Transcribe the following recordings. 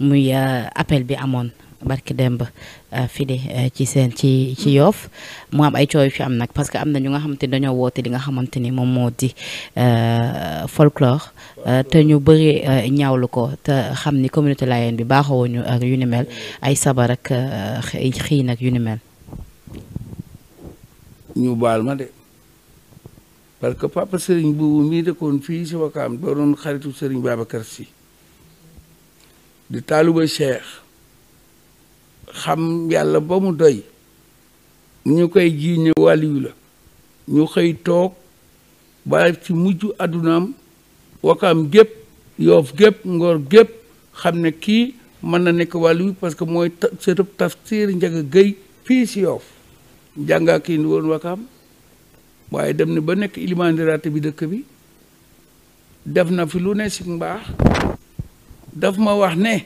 muy euh, appel bi amoon barki demb euh, fii de euh, ci seen ci ci yoof mu am ay coow fi am nag parce que am na ñu nga xamante ni dañoo woote li nga xamante ni moom moo di folklore te ñu bëri ñaawlu ko te xam ni communauté layeen bi baaxoo ñu ak yu ni mel ay sabar ak xii nag yu ni mel. ñu baal ma de parce que papa Serigne boobu mii dëkkoon fii si Wakaam doo doon xaritu Serigne Babacar Sy. di taaluba cheikh xam yàlla ba mu doy ñu koy jiiñe wàliyu ñu xëy toog ba ci mujj àddunaam wakaam gépp yoof gépp ngor gépp xam ne kii mën na nekk wàliyu parce que mooy sëtëb tafsir njaga géy fii si yoof jàngaa kii ndi woon waaye dem ne ba nekk ilimaandirate bi dëkk bi def na fi lu ne si mbaax daf ma wax ne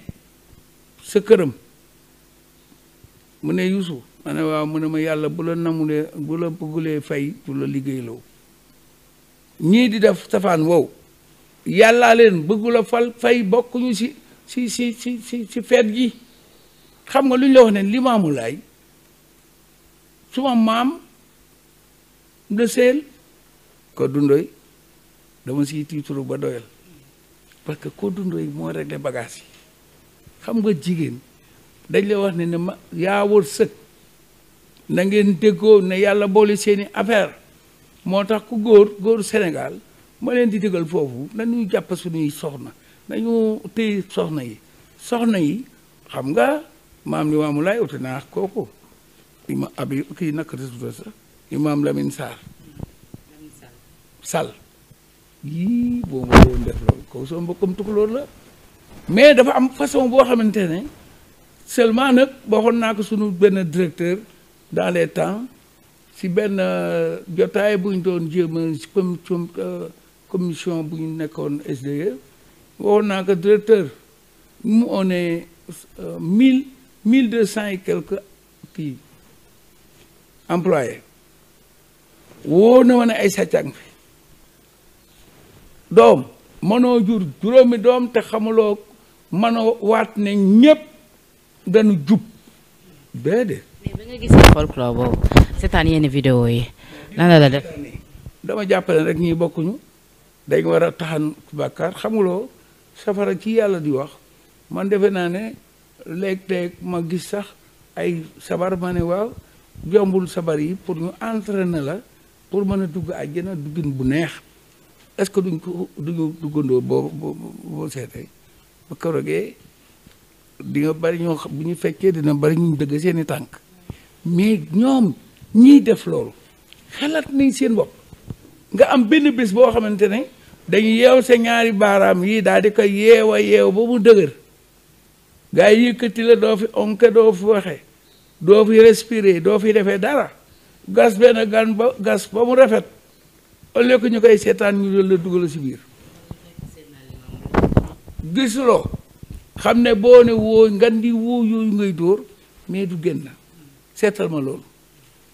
sa këram mu ne Yuusu ma waaw mu ne ma yàlla bu la namulee bu la bëggulee fay bu la liggéeyloo ñii di def safaan wow yàllaa leen bëggula fal fay bokkuñu si si si si feet gi xam nga lu ñu la wax ne limaamu laay suma maam de seel ko dundoy dama siy tiituru ba doyal parce que ko dundoo yi moo réglé bagage yi xam nga jigéen dañ lay wax ne ne ma yaa wër na ngeen déggoo ne yàlla boole seeni affaire moo tax ku góor góor Sénégal ma leen di digal foofu nañu jàpp suñuy soxna nañu téye soxna yi soxna yi xam nga maam li maamu laay uti naa kooku ima abi kii nak résultat sax imaam Lamine Sarr Sall yii boo ma doon def loolu kaw soo mbokkam tukulóor la mais dafa am façon boo xamante ne seulement nag waxoon naa ko sunu benn directeur dans les temps si benn euh, jotaay bu ñu doon jéem a euh, commission bu ñu nekkoon SDE waxoon naa ko directeur mu on est euh, mille mille deux cent yi quelque kii employés woo ne ma ne ay sàcc fi doom mënoo jur juróomi doom te xamuloo mënoo waat ne ñépp dañu jub déedéet mais ba nga gisee folklore boobu seetaan yenn vidéo yi lan la la def dama jàppale rek ñi bokkuñu dañ war a taxan bàkkaar xamuloo safara ci yàlla di wax man defe naa ne léeg ma gis sax ay sabar ma ne waaw jombul sabar yi pour ñu entraîner la pour mën a dugg àjjana duggin bu neex est-ce que duñ ko duñu duggandoo boo boo seetee ba korogee di nga bari ñoo xam bu ñu fekkee dina bari ñu dëgg seeni tànk mais ñoom ñiy def loolu xalaat nañ seen bopp nga am benn bés boo xamante ne dañu yeew sa ñaari baaraam yi daal di ko yeew a yeew ba mu dëgër gaa yi yëkkati la doo fi onke doo fi waxe doo fi respirer doo fi defee dara gas benn gan ba gas ba mu rafet au lieu que ñu koy seetaan ñu la dugal si biir gisuloo xam ne boo ne woo ngan di woo yooyu ngay dóor mais du génn seetal ma loolu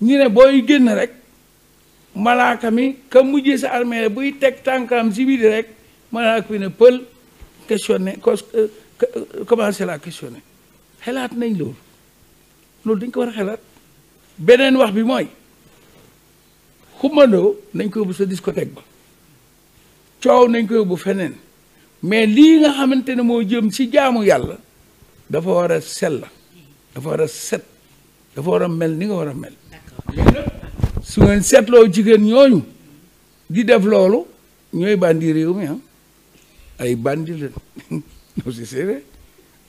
ñu ne booy génn rek malaaka mi ka mujjee sa armée buy teg tànkam si biir rek malaaka bi ne pël questionné euh, euh, commencé la questionné xelaat nañ loolu loolu dañ ko war a xelaat beneen wax bi mooy xumandoo nañ ko yóbbu sa discothèque ba coow nañ ko yóbbu feneen mais lii nga xamante ne moo jëm si jaamu yàlla dafa war a dafa war set dafa war a mel ni nga war a mel su ngeen seetloo jigéen ñooñu di def loolu ñooy bandi réew mi ah. ay bandi la non c'est sérieux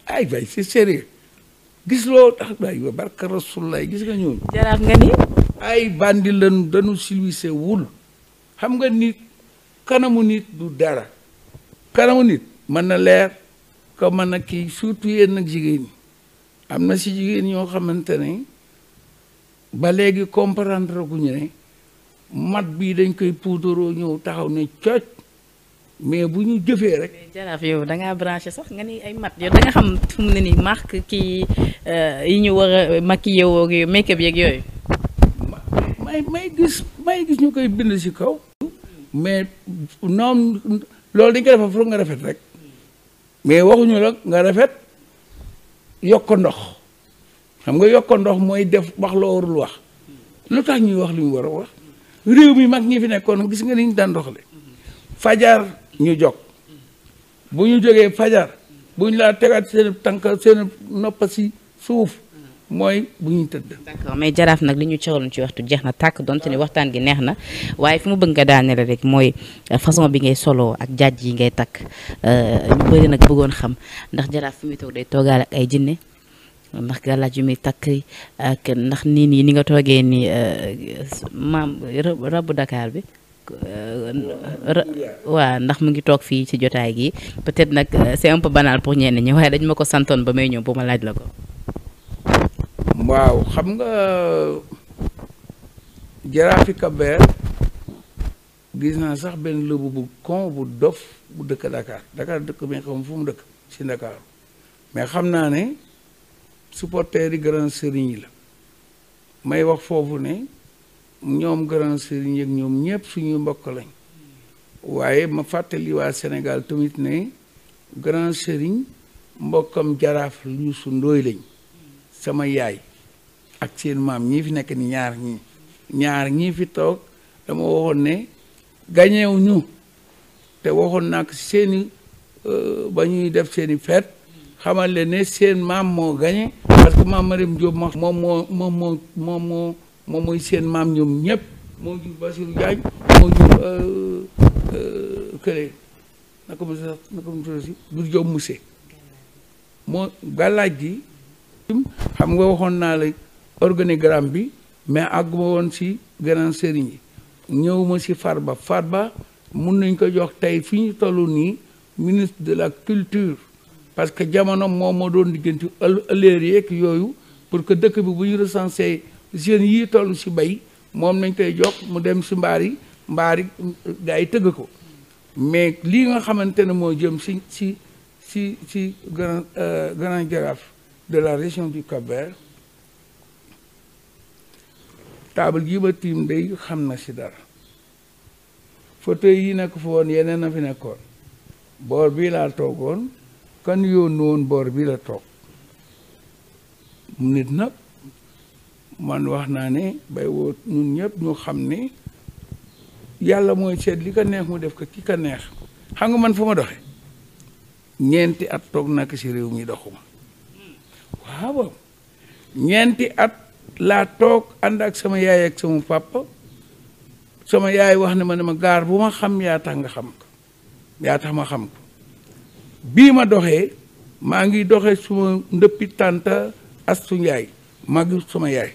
ay bay c'est sérieux gis loo tax barka rasulullah gis nga ñooñu jaraaf nga ni ay bandi lañu danu silwise wul xam nga nit kanamu nit du dara kanamu nit mën na leer ko mën na kii surtout yéen nag jigéen ñi am na si jigéen ñoo xamante ne ba léegi comprendre ñu ne mat bii dañ koy puudaroo ñëw taxaw ne cooc mais bu ñu jëfee rek. jaraaf yow da ngaa branché sax nga ni ay mat yow da xam fu mu ne nii marque kii euh, yi ñu war a maquillé woo ak yooyu make-up yeeg yooyu. may may gis may gis ñu koy bind si kaw mais noom loolu dañ ko defa foog nga rafet rek mais waxuñu la nga rafet yokk ndox xam nga yokk ndox mooy def wax loo warul wax lu tax ñuy wax li ñu war a wax réew mi mag ñi fi nekkoon gis nga ni ñu daan doxale fajar ñu jog bu ñu jógee fajar bu ñu laa tegaat seen tànk seen nopp si suuf mooy bu ñuy tëdd. d'accord mais jaraaf nag li ñu cawaloon ci waxtu jeex na tàkk donte ni waxtaan gi neex na waaye fi mu bëgg nga daaneel rek mooy euh, façon bi ngay soloo ak jaaj yi ngay takk euh, ñu bëri nag bëggoon xam ndax jaraaf fi muy toog day toogaale ak ay jinne ndax gàllaaj yu muy takk ak ndax nii nii ni nga toogee nii euh, maam rabbu Dakar bi. waa ndax mu ngi toog fii ci jotaay gi peut-être nag c'est un peu banal pour ñenn ñi waaye dañ ma ko santoon ba may ñëw b ma laaj la ko. waaw xam nga jaraafi Kabeer gis naa sax benn lëbu bu kon bu dof bu dëkk Dakar Dakar dëkk bi xam fu mu dëkk si mais xam naa ne supporters yi grand sëriñ la may wax foofu ne ñoom grand sëriñ yi ñoom ñëpp suñuy mbokk lañ waaye ma fàttali waa Sénégal tamit ne grand sëriñ mbokkam jaraaf Youssou Ndoye lañ sama yaay ak seen maam ñii fi nekk ni ñaar ñii ñaar ñii fi toog dama waxoon ne gañeew ñu te waxoon naa ko seeni euh, ba ñuy def seeni feet xamal leen ne seen maam moo gañe parce que maam Mariam Diop ma moom moo moom moo moom moo moom mooy seen maam ñoom ñëpp moo jur Basirou Diagne moo jur euh, euh, kële naka mu sax naka mu tudd si Dour Diop Moussé moo gàllaaj gi xam nga waxoon naa la organigramme bi mais àgg woon si grand sëriñ yi ñëw ma si Farba ba mun nañ ko jox tey fi ñu toll nii ministre de la culture parce que jamono moom moo doon diggante ëllëg yeeg yooyu pour que dëkk bi bu ñu recensé jeunes yii toll si bay moom nañ koy jox mu dem si mbaar mbaari mbaar yi tëgg ko mais lii nga xamante ne moo jëm si si si si grand euh, grand jaraaf de la région du cap taabal ji ba tiim day xam na si dara fauteuil yi nekk fa woon yeneen a fi nekkoon boor bii laa toogoon kan yónni woon boor bi la toog nit nag man wax naa ni bay woo ñun ñëpp ñu xam ni yàlla mooy seet li ko neex mu def ko ki ko neex xam nga man fu ma doxe ñeenti at toog nakk si réew mi doxuma waaw ñeenti at laa toog ànd ak sama yaay ak sama papa sama yaay wax na ma ne ma gaar bu ma xam yaa tax nga xam ko yaa tax ma xam ko bii ma doxee maa ngi doxee suma ndëppi tànta astu njaay màgg sama yaay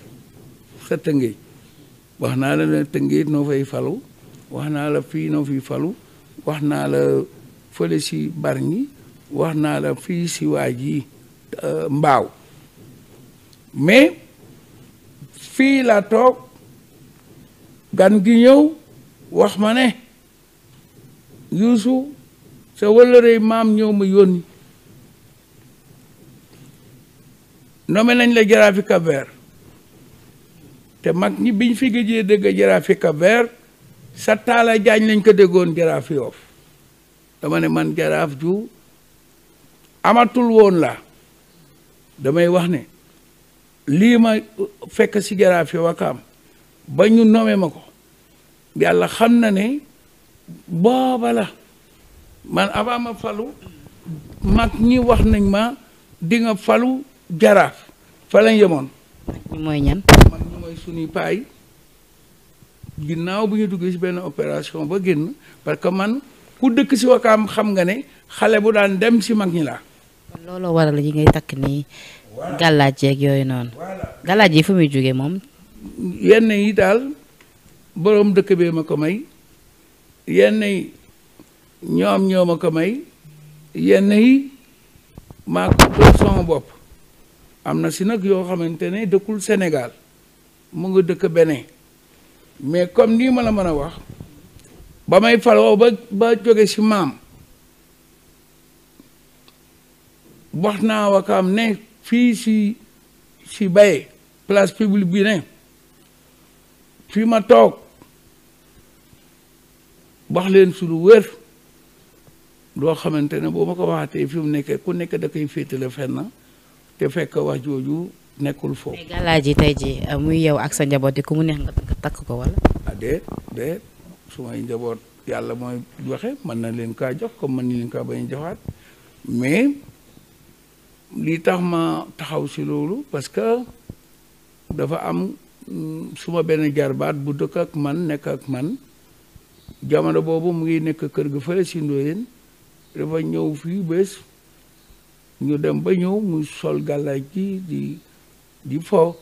sa tëngéej wax naa la ne tëngéej noo fay falu wax naa la fii noo fiy falu wax naa la fële si barñi wax naa la fii si waa ji euh, mbaaw mais fii laa toog gan gi ñëw wax ma ne yuusu sa wëllërey maam ñëw ma yónni nommé nañ la jaraafi Cap-Vert te mag ñi biñ fi gëjee dégg jaraafi Cap-Vert sa taala jaañ lañ ko déggoon jaraaf Yoff dama ne man jaraaf ju amatul woon la damay wax ne lii ma fekk si jaraaf yi wakaam ba ñu nomee ma ko yàlla xam na ne booba la man avant ma falu mag ñi wax nañ ma di nga falu jaraaf fa lañ yemoon mooy ñan mag ñi mooy paay ginnaaw bu ñu duggee si benn opération ba génn parce que man ku dëkk si wakaam xam nga ne xale bu daan dem si mag ñi laa looloo waral yi ngay takk nii gàllaaj yeeg yooyu noonu gàllaaj yi fa muy jóge moom yenn yi daal boroom dëkk bee ma ko may yenn yi ñoom ñoo ma ko may yenn yi maa sama bopp am na si nag yoo xamante ne dëkkul Sénégal mu nga dëkk Benin mais comme nii ma la mën a wax ba may faloo ba ba jóge si maam wax naa wakaam ne fii si si Baye place publique bi ne fii ma toog wax leen su lu wér loo xamante ne boo ma ko waxatee fi mu nekkee ku nekk da koy féetale fenn te fekk wax jooju nekkul foofu. mais gàllaa ji tey ji euh, muy yow ak sa njaboot yi ku mu neex nga takk ko wala. ah déet su may njaboot yàlla mooy joxe mën na leen kaa jox comme mën na leen kaa bañ joxaat mais. li tax ma taxaw si loolu parce que dafa am mm, suma benn jarbaat bu dëkk ak man nekk ak man jamono boobu mu ngi nekk kër ga fële si Ndoyeen dafa ñëw fii bés ñu dem ba ñëw mu sol gàllaaj gi di di fo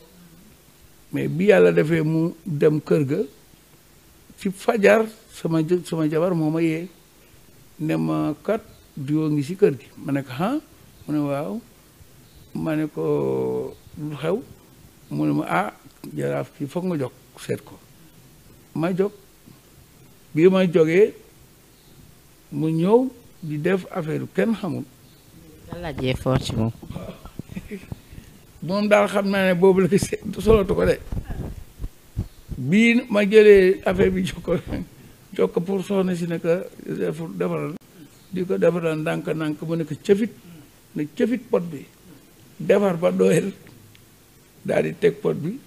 mais bi yàlla defee mu dem kër ga ci fajar sama sama jabar moo ma yee ne ma kat diwoo ngi si kër gi ma nekk ah mu ne waaw ma ne ko lu xew mu ne ma ah jaraaf kii foog nga jóg seet ko ma jóg bii ma jógee mu ñëw di def affaire kenn xamul. laajee fort moom. daal xam naa ne boobu la ko seet ko de bii ma jëlee affaire bi jokko ko pour soxna si ne que defaral di ko defaral ndànk-ndànk mu ne ko cëfit ne cëfit pot bi defar ba doyal daal di teg pot bi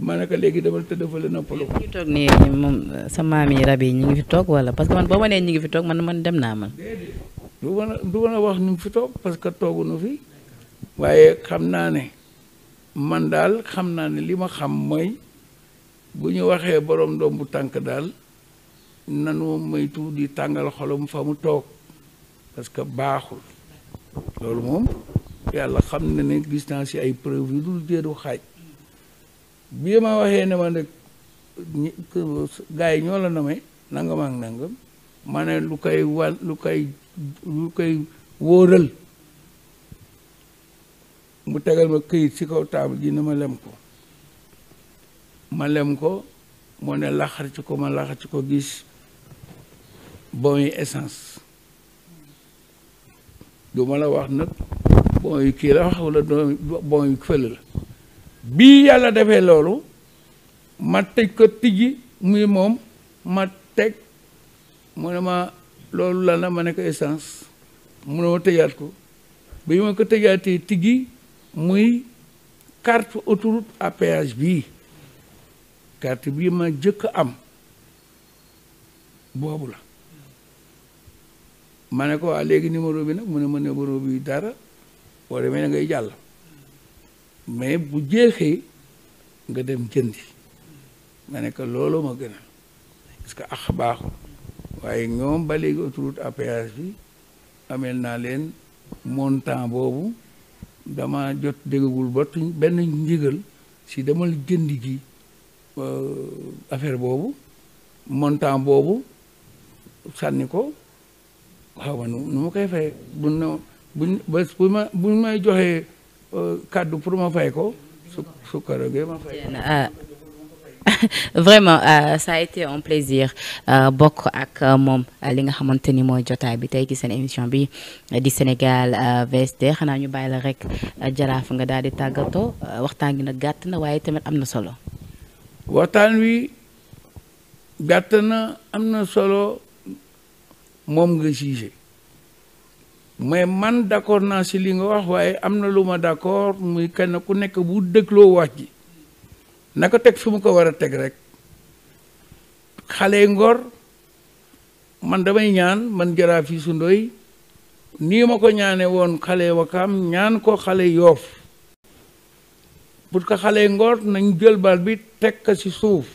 ma ne léegi dama tëdd fa la noppalu ko. ñu toog nii moom sa maam yi rab yi ñu ngi fi toog wala parce que man boo ma nee ñu ngi fi toog man man dem naa man. du mën a a wax nu fi toog parce que tooguñu fi waaye xam naa ne man daal xam naa ne li ma xam mooy bu ñu waxee borom doom bu tànk daal. nanu moytu di tàngal xolom mu toog parce que baaxul loolu moom yàlla xam na ne gis naa si ay preuve yu dul jeedu xaaj bi ma waxee ne ma nag gars ñoo la namee nangam ak nangam ma ne lu koy wal lu koy lu koy wóoral mu tegal ma këyit si kaw table ji ne ma lem ko ma lem ko moo ne laxar ci ko ma laxar ci ko gis bon yi essence du ma la wax nag bon yu kii la wax wala bon yu la bii yàlla defee loolu ma tëj ko tijji muy moom ma teg mu ne ma loolu lan la ma ne ko essence mu ne ma tëjaat ko bi ma ko tëjaatee tijji muy carte autoroute à péage bii bii ma jëkk am boobu la ma ne ko waa léegi numéro bi nag mu ne ma numéro bi dara boo demee da ngay jàll mais bu jeexee nga dem jëndi ma ne que loolu ma gënal parce que ax baaxul waaye ñoom ba léegi bi amel naa leen montant boobu dama jot déggagul bot benn ndigal si demal jëndi gi euh, affaire boobu montant boobu sànni ko xaw ma nu nu ma koy fay bu no buñ bés bu ma buñ may joxee euh, kàddu pour ma fay ko su su karogee ma fay ko euh, vraiment euh, ça a été un plaisir euh, bokk ak euh, moom li nga xamante ni mooy jotaay bi tey ci seen émission bi di Sénégal euh, xanaa ñu bàyyi la rek jaraaf nga daal di tàggatoo waxtaan gi nag gàtt na waaye tamit am na solo. waxtaan wi gàtt na am na solo moom nga jugé mais man d'accord naa si li nga wax waaye am na lu ma d'accord muy kenn ku nekk bu dégloo wax ji na ko teg fi mu ko war a teg rek xale ngor man damay ñaan man jaraaf yi sundoy nii ma ko ñaane woon xale wakaam ñaan ko xale yoof pour que xale ngor nañ jël bal bi teg ko si suuf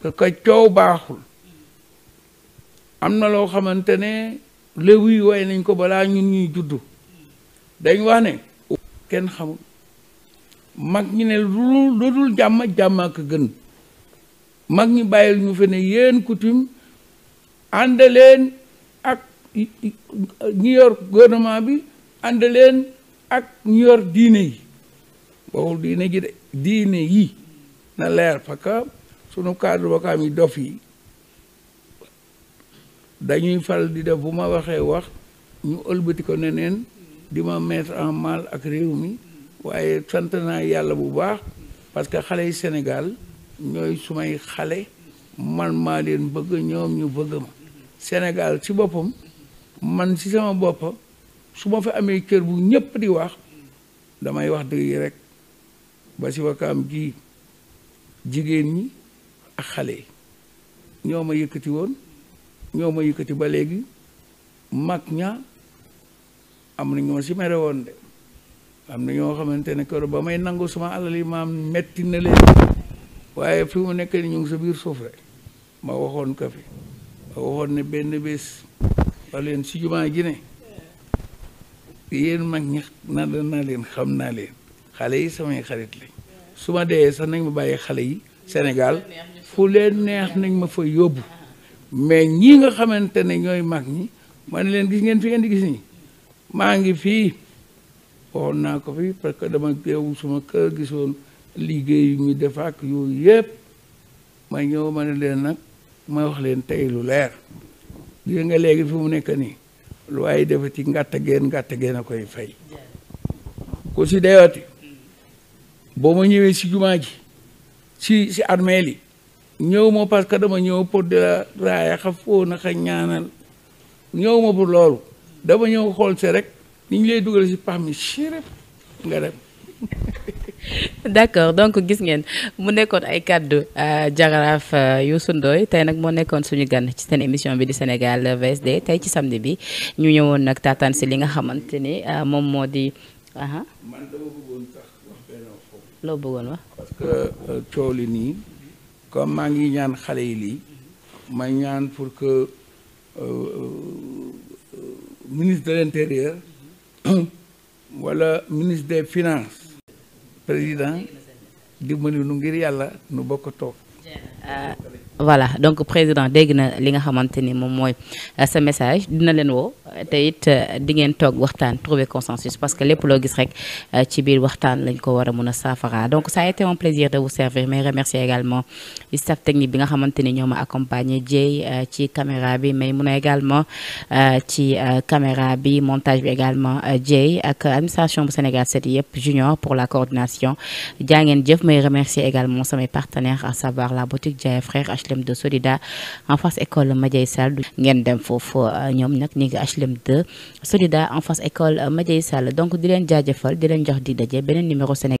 parce que coow baaxul am na loo xamante léebu yi way nañ ko balaa ñun ñuy juddu dañ wax ne kenn xamul mag ñi ne lu dul jàmm jàmm ak gën mag ñi bàyyil ñu fi ne yéen coutume ànd ak ñi yor gouvernement bi ànd leen ak ñu yor diine yi bowul diine ji de diine yi na leer parce que sunu cadre bakaam yi dof yi dañuy faral di def bu ma waxee wax ñu ëlbati ko ne neen di ma mettre en mal ak réew mi waaye sant naa yàlla bu baax parce que xale yi Sénégal ñooy may xale man maa leen bëgg ñoom ñu bëgg ma Sénégal si boppam man si sama bopp su ma fi amee kër bu ñëpp di wax damay wax dëgg yi rek ba si wakaam gi jigéen ñi ak xale yi ñoo ma yëkkati woon ñoo ma yëkkati ba léegi mag ña am na ñoo si mere de am na ñoo xamante ne kër ba may nangu suma alal yi maam metti na leen waaye fi mu nekk ni ñu sa biir suuf rek ma waxoon ko fi ma waxoon ne benn bés leen si jumaa ji ne mag ñi na naa leen xam naa leen xale yi samay xarit lañ su ma dee sax nañ ma bàyyi xale yi Sénégal fu leen neex nañ ma fa yóbbu mais ñii nga xamante ne ñooy mag ñi ma ne leen gis ngeen fi ngeen di gis nii maa ngi fii waxoon naa ko fi parce que dama teewu suma kër gisoon liggéey yu yëpp ma ñëw ma leen nag ma wax leen tey lu leer gis nga léegi fi mu nekk nii lu waaye defa ci a koy fay boo ma ñëwee si jumaa ji si si armeel yi ñëw ma parce que dama ñëw pour di la raaya xa foo na xa ñaanal ñëw ma pour loolu dama ñëw xool si rek ni lay dugal si pax mi nga dem d'accord donc gis ngeen mu nekkoon ay kàddu euh, jagaraaf euh, Youssou Ndoye tey nag moo nekkoon suñu gan ci seen émission bi di Sénégal VSD tey ci samdi bi ñu ñëwoon nag taataan si li nga xamante ni euh, moom moo di man dama loo bëggoon wax parce que coow li nii comme maa ngi ñaan xale yi lii ma ñaan pour que euh, euh, ministre de l'intérieur wala ministre des finances président dimbali nu ngir yàlla nu bokk toog voilà donc président dégg na li nga xamante ni moom mooy euh, sa message dina leen woo te it euh, di ngeen toog waxtaan trouver consensus parce que lépp loo gis rek euh, ci biir waxtaan lañ ko war a mën a saafara donc ça a été un plaisir de vous servir mais remercier également technique bi nga xamante ni ñoo ma accompagné ci caméra bi mais mun a ci caméra bi montage bi également Dieye ak administration bu Sénégal 7 yëpp junior pour la coordination jaa ngeen jëf may remercier également samay partenaires à savoir la boutique Dieye Frères HLM 2 Solida en face école Madiaye Sall ngeen dem foofu euh, ñoom nag ñu ngi HLM 2 Solida en face école euh, Madiaye Sall donc di leen jaajëfal di leen jox di daje beneen numéro Sénégal